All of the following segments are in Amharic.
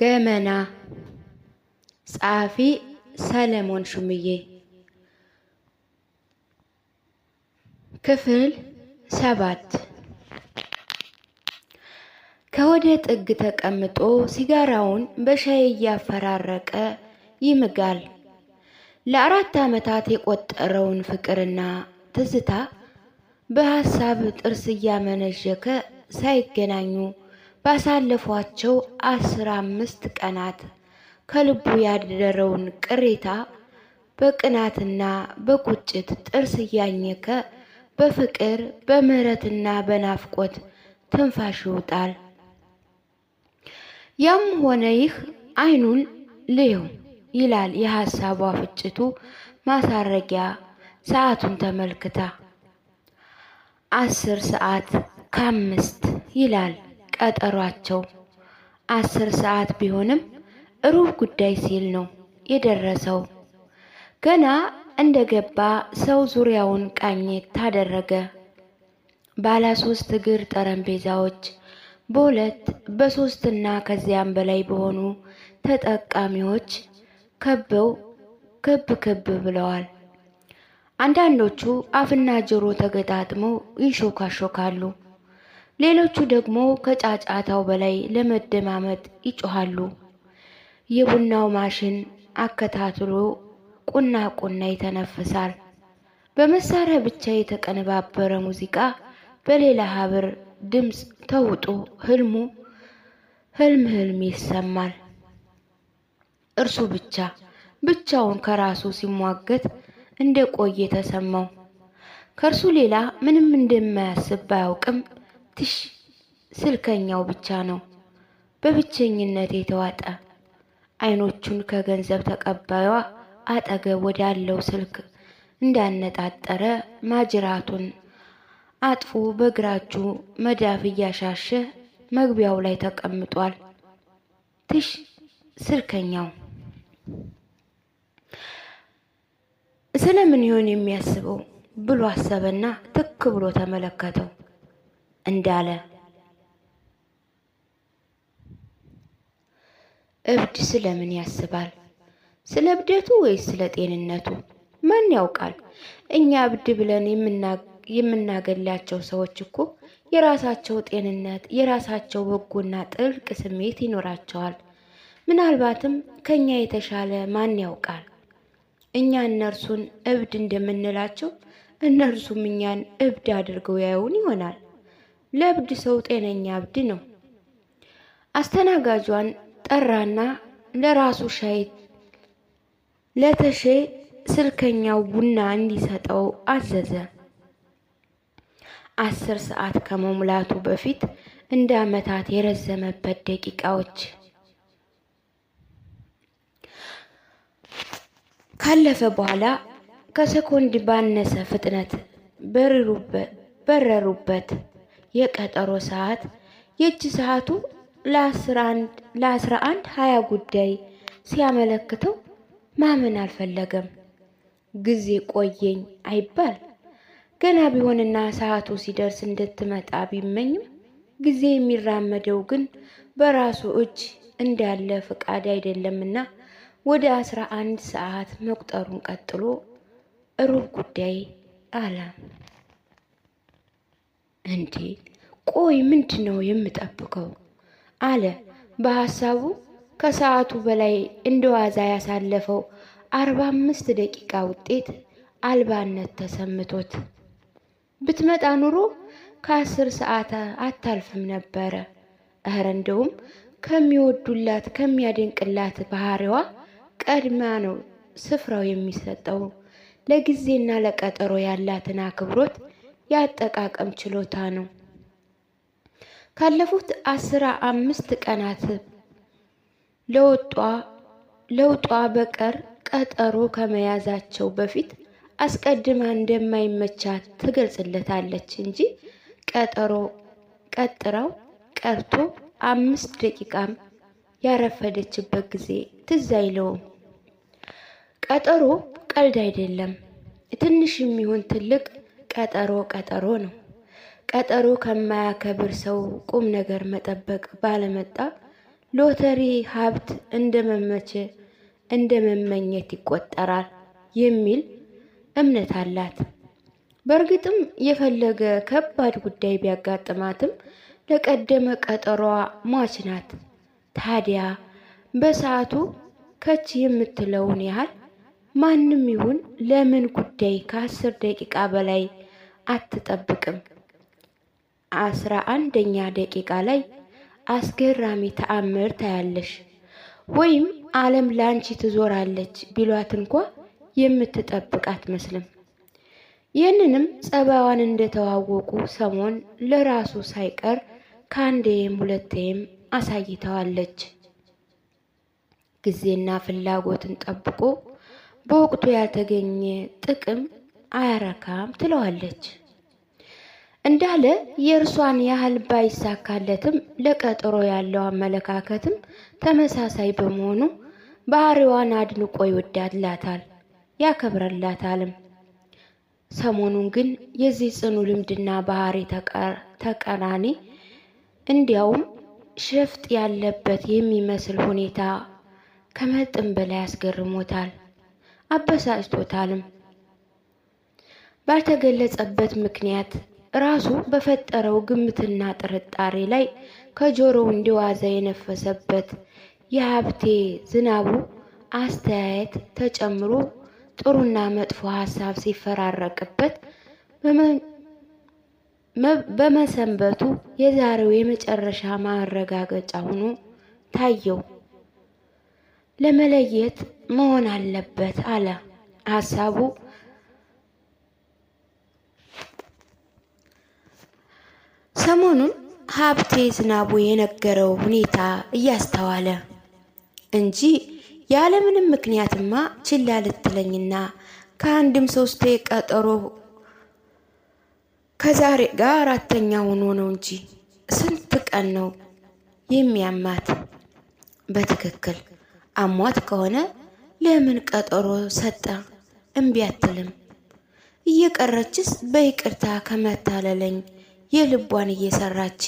ገመና ጸሐፊ ሰለሞን ሹምዬ ክፍል ሰባት ከወደ ጥግ ተቀምጦ ሲጋራውን በሻይ እያፈራረቀ ይምጋል። ለአራት ዓመታት የቆጠረውን ፍቅርና ትዝታ በሐሳብ ጥርስ እያመነዠከ ሳይገናኙ ባሳለፏቸው አስራ አምስት ቀናት ከልቡ ያደረውን ቅሬታ በቅናትና በቁጭት ጥርስ እያኘከ በፍቅር በምህረትና በናፍቆት ትንፋሽ ይውጣል። ያም ሆነ ይህ አይኑን ልየው ይላል የሐሳቧ ፍጭቱ ማሳረጊያ ሰዓቱን ተመልክታ አስር ሰዓት ከአምስት ይላል። ቀጠሯቸው አስር ሰዓት ቢሆንም ሩብ ጉዳይ ሲል ነው የደረሰው። ገና እንደገባ ሰው ዙሪያውን ቃኘት ታደረገ። ባለ ሶስት እግር ጠረጴዛዎች በሁለት በሶስትና ከዚያም በላይ በሆኑ ተጠቃሚዎች ከበው ክብ ክብ ብለዋል። አንዳንዶቹ አፍና ጆሮ ተገጣጥመው ይሾካሾካሉ። ሌሎቹ ደግሞ ከጫጫታው በላይ ለመደማመጥ ይጮሃሉ። የቡናው ማሽን አከታትሎ ቁና ቁና ይተነፍሳል። በመሳሪያ ብቻ የተቀነባበረ ሙዚቃ በሌላ ሀብር ድምፅ ተውጦ ህልሙ ህልም ህልም ይሰማል። እርሱ ብቻ ብቻውን ከራሱ ሲሟገት እንደ ቆየ ተሰማው። ከእርሱ ሌላ ምንም እንደማያስብ ባያውቅም ትሽ ስልከኛው ብቻ ነው በብቸኝነት የተዋጠ አይኖቹን ከገንዘብ ተቀባዩዋ አጠገብ ወዳለው ስልክ እንዳነጣጠረ ማጅራቱን አጥፎ በግራ እጁ መዳፍ እያሻሸ መግቢያው ላይ ተቀምጧል። ትሽ ስልከኛው ስለምን ይሆን የሚያስበው ብሎ አሰበና ትክ ብሎ ተመለከተው። እንዳለ እብድ ስለምን ያስባል? ስለ እብደቱ ወይስ ስለ ጤንነቱ? ማን ያውቃል? እኛ እብድ ብለን የምናገላቸው ሰዎች እኮ የራሳቸው ጤንነት፣ የራሳቸው ወጎና ጥልቅ ስሜት ይኖራቸዋል። ምናልባትም ከኛ የተሻለ ማን ያውቃል? እኛ እነርሱን እብድ እንደምንላቸው እነርሱም እኛን እብድ አድርገው ያዩን ይሆናል። ለእብድ ሰው ጤነኛ እብድ ነው። አስተናጋጇን ጠራና ለራሱ ሻይ ለተሼ ስልከኛው ቡና እንዲሰጠው አዘዘ። አስር ሰዓት ከመሙላቱ በፊት እንደ ዓመታት የረዘመበት ደቂቃዎች ካለፈ በኋላ ከሰኮንድ ባነሰ ፍጥነት በረሩበት። የቀጠሮ ሰዓት የእጅ ሰዓቱ ለአስራ አንድ ሀያ ጉዳይ ሲያመለክተው ማመን አልፈለገም። ጊዜ ቆየኝ አይባል ገና ቢሆንና ሰዓቱ ሲደርስ እንድትመጣ ቢመኝም ጊዜ የሚራመደው ግን በራሱ እጅ እንዳለ ፍቃድ አይደለምና ወደ አስራ አንድ ሰዓት መቁጠሩን ቀጥሎ ሩብ ጉዳይ አለ እንዴ ቆይ ምንድን ነው የምጠብቀው? አለ በሐሳቡ ከሰዓቱ በላይ እንደዋዛ ያሳለፈው አርባ አምስት ደቂቃ ውጤት አልባነት ተሰምቶት ብትመጣ ኑሮ ከአስር ሰዓት አታልፍም ነበረ። እህረ እንደውም ከሚወዱላት ከሚያደንቅላት ባህሪዋ ቀድማ ነው ስፍራው የሚሰጠው። ለጊዜና ለቀጠሮ ያላትን አክብሮት ያጠቃቀም ችሎታ ነው። ካለፉት አስራ አምስት ቀናት ለውጧ በቀር ቀጠሮ ከመያዛቸው በፊት አስቀድማ እንደማይመቻት ትገልጽለታለች እንጂ ቀጠሮ ቀጥራው ቀርቶ አምስት ደቂቃም ያረፈደችበት ጊዜ ትዝ አይለውም። ቀጠሮ ቀልድ አይደለም። ትንሽ የሚሆን ትልቅ ቀጠሮ ቀጠሮ ነው። ቀጠሮ ከማያከብር ሰው ቁም ነገር መጠበቅ ባለመጣ ሎተሪ ሀብት እንደመመቼ እንደ መመኘት ይቆጠራል የሚል እምነት አላት። በእርግጥም የፈለገ ከባድ ጉዳይ ቢያጋጥማትም ለቀደመ ቀጠሯ ሟች ናት። ታዲያ በሰዓቱ ከች የምትለውን ያህል ማንም ይሁን ለምን ጉዳይ ከአስር ደቂቃ በላይ አትጠብቅም። አስራ አንደኛ ደቂቃ ላይ አስገራሚ ተአምር ታያለሽ ወይም ዓለም ላንቺ ትዞራለች ቢሏት እንኳ የምትጠብቅ አትመስልም። ይህንንም ጸባዋን እንደተዋወቁ ሰሞን ለራሱ ሳይቀር ከአንዴም ሁለቴም አሳይተዋለች። ጊዜና ፍላጎትን ጠብቆ በወቅቱ ያልተገኘ ጥቅም አያረካም ትለዋለች። እንዳለ የእርሷን ያህል ባይሳካለትም ለቀጠሮ ያለው አመለካከትም ተመሳሳይ በመሆኑ ባህሪዋን አድንቆ ይወዳላታል፣ ያከብረላታልም። ሰሞኑን ግን የዚህ ጽኑ ልምድና ባህሪ ተቀራኒ እንዲያውም ሸፍጥ ያለበት የሚመስል ሁኔታ ከመጠን በላይ አስገርሞታል፣ አበሳጭቶታልም። ባልተገለጸበት ምክንያት ራሱ በፈጠረው ግምትና ጥርጣሬ ላይ ከጆሮው እንዲዋዛ የነፈሰበት የሀብቴ ዝናቡ አስተያየት ተጨምሮ ጥሩና መጥፎ ሀሳብ ሲፈራረቅበት በመሰንበቱ የዛሬው የመጨረሻ ማረጋገጫ ሆኖ ታየው። ለመለየት መሆን አለበት አለ ሀሳቡ። ሰሞኑን ሀብቴ ዝናቡ የነገረው ሁኔታ እያስተዋለ እንጂ ያለምንም ምክንያትማ ችላ ልትለኝና ከአንድም ሶስቴ ቀጠሮ ከዛሬ ጋር አራተኛ ሆኖ ነው እንጂ ስንት ቀን ነው የሚያማት? በትክክል አሟት ከሆነ ለምን ቀጠሮ ሰጠ? እምቢ አትልም። እየቀረችስ በይቅርታ ከመታለለኝ የልቧን እየሰራች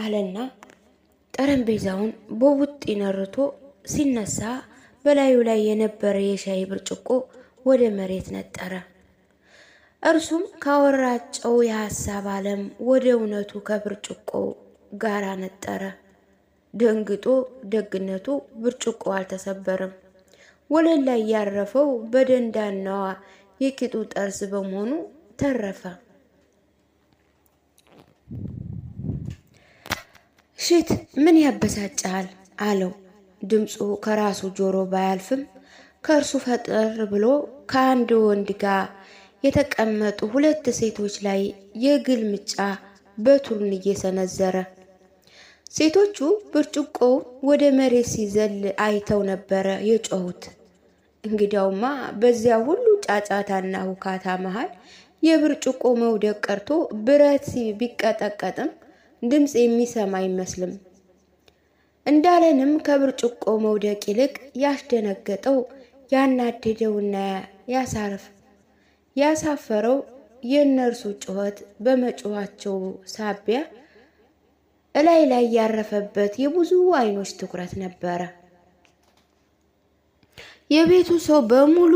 አለና ጠረጴዛውን በውጥ ነርቶ ሲነሳ በላዩ ላይ የነበረ የሻይ ብርጭቆ ወደ መሬት ነጠረ። እርሱም ካወራጨው የሐሳብ ዓለም ወደ እውነቱ ከብርጭቆ ጋር ነጠረ። ደንግጦ ደግነቱ ብርጭቆ አልተሰበረም። ወለል ላይ ያረፈው በደንዳናዋ የቂጡ ጠርዝ በመሆኑ ተረፈ። ሽት ምን ያበሳጫል አለው ድምፁ ከራሱ ጆሮ ባያልፍም ከእርሱ ፈጠር ብሎ ከአንድ ወንድ ጋር የተቀመጡ ሁለት ሴቶች ላይ የግልምጫ በትሩን እየሰነዘረ ሴቶቹ ብርጭቆው ወደ መሬት ሲዘል አይተው ነበረ የጮሁት። እንግዲያውማ በዚያ ሁሉ ጫጫታና ሁካታ መሃል የብርጭቆ መውደቅ ቀርቶ ብረት ቢቀጠቀጥም ድምፅ የሚሰማ አይመስልም። እንዳለንም ከብርጭቆ መውደቅ ይልቅ ያስደነገጠው ያናደደውና ያሳርፍ ያሳፈረው የእነርሱ ጩኸት በመጮኋቸው ሳቢያ እላይ ላይ ያረፈበት የብዙ አይኖች ትኩረት ነበረ። የቤቱ ሰው በሙሉ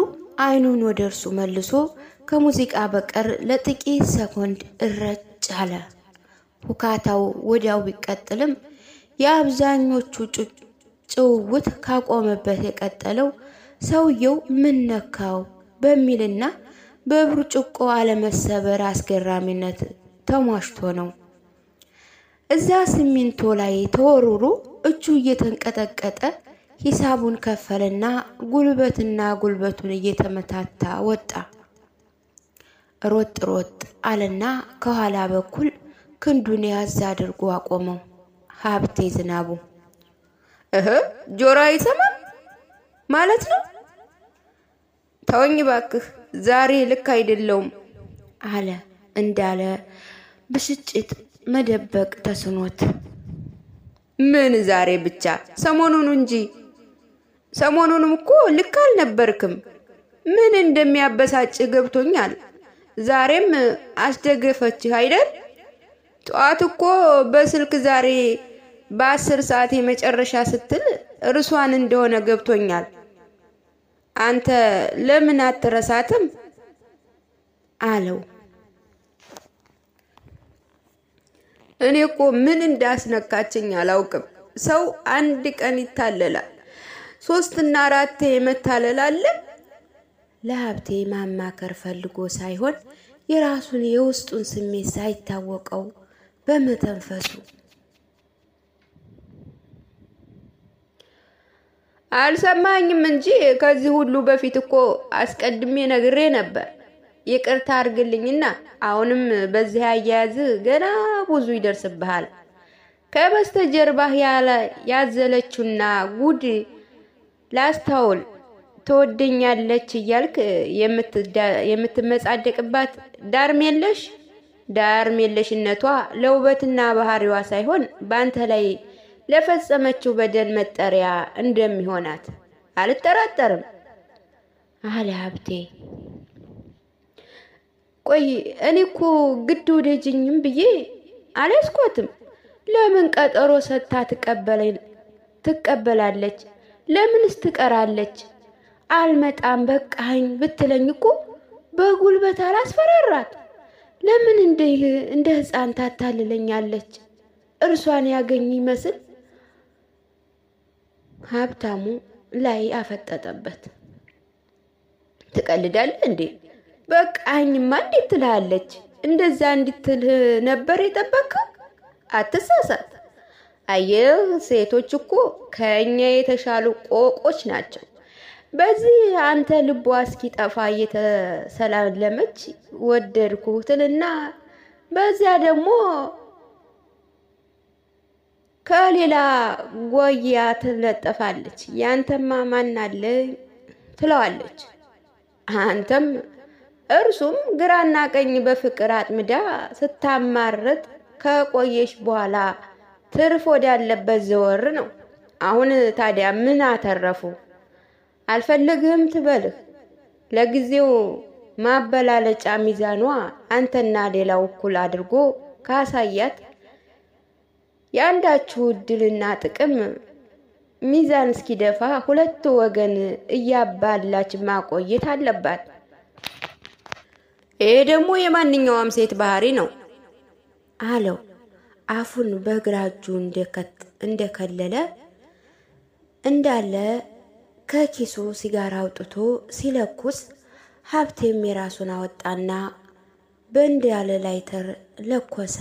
አይኑን ወደ እርሱ መልሶ ከሙዚቃ በቀር ለጥቂት ሰኮንድ እረጭ አለ። ሁካታው ወዲያው ቢቀጥልም የአብዛኞቹ ጭውውት ካቆመበት የቀጠለው ሰውየው ምን ነካው በሚልና በብርጭቆ አለመሰበር አስገራሚነት ተሟሽቶ ነው። እዛ ሲሚንቶ ላይ ተወሩሩ እጁ እየተንቀጠቀጠ ሂሳቡን ከፈለና ጉልበትና ጉልበቱን እየተመታታ ወጣ። ሮጥ ሮጥ አለና ከኋላ በኩል ክንዱን ያዝ አድርጎ አቆመው። ሀብቴ ዝናቡ እህ ጆሮ አይሰማም ማለት ነው። ተወኝ ባክህ ዛሬ ልክ አይደለውም አለ እንዳለ ብስጭት መደበቅ ተስኖት ምን ዛሬ ብቻ ሰሞኑን እንጂ ሰሞኑንም እኮ ልክ አልነበርክም። ምን እንደሚያበሳጭ ገብቶኛል። ዛሬም አስደገፈችህ አይደል? ጠዋት እኮ በስልክ ዛሬ በአስር ሰዓት የመጨረሻ ስትል እርሷን እንደሆነ ገብቶኛል። አንተ ለምን አትረሳትም? አለው። እኔ እኮ ምን እንዳስነካችኝ አላውቅም። ሰው አንድ ቀን ይታለላል፣ ሶስትና አራት የመታለል አለ። ለሀብቴ ማማከር ፈልጎ ሳይሆን የራሱን የውስጡን ስሜት ሳይታወቀው በመተንፈሱ አልሰማኝም እንጂ ከዚህ ሁሉ በፊት እኮ አስቀድሜ ነግሬ ነበር። ይቅርታ አድርግልኝና አሁንም በዚህ አያያዝ ገና ብዙ ይደርስብሃል። ከበስተጀርባህ ያዘለችውና ጉድ ላስታውል ትወደኛለች እያልክ የምትመጻደቅባት ዳርም ዳርሜለሽነቷ ለውበትና ባህሪዋ ሳይሆን በአንተ ላይ ለፈጸመችው በደል መጠሪያ እንደሚሆናት አልጠራጠርም አለ ሀብቴ። ቆይ እኔ እኮ ግድ ወደጅኝም ብዬ አልያዝኳትም። ለምን ቀጠሮ ሰጥታ ትቀበላለች? ለምንስ ትቀራለች? አልመጣም በቃኝ ብትለኝ እኮ በጉልበት አላስፈራራት። ለምን እንደ ህፃን ታታልለኛለች? እርሷን ያገኝ ይመስል ሀብታሙ ላይ አፈጠጠበት። ትቀልዳለህ እንዴ? በቃኝማ እንዴት ትልሃለች? እንደዛ እንድትልህ ነበር የጠበቅከው? አትሳሳት። አየህ ሴቶች እኮ ከእኛ የተሻሉ ቆቆች ናቸው። በዚህ አንተ ልቧ እስኪጠፋ እየተሰላለመች ወደድኩ ትልና በዚያ ደግሞ ከሌላ ጓያ ትለጠፋለች። ያንተማ ማን አለ ትለዋለች። አንተም እርሱም ግራና ቀኝ በፍቅር አጥምዳ ስታማርጥ ከቆየሽ በኋላ ትርፍ ወዳለበት ዘወር ነው። አሁን ታዲያ ምን አተረፉ? አልፈልግህም ትበልህ። ለጊዜው ማበላለጫ ሚዛኗ አንተና ሌላው እኩል አድርጎ ካሳያት የአንዳችሁ እድልና ጥቅም ሚዛን እስኪደፋ ሁለት ወገን እያባላች ማቆየት አለባት። ይሄ ደግሞ የማንኛውም ሴት ባህሪ ነው አለው። አፉን በግራ እጁ እንደከለለ እንዳለ ከኪሱ ሲጋራ አውጥቶ ሲለኩስ ሀብቴም የራሱን አወጣና በእንድ ያለ ላይተር ለኮሰ።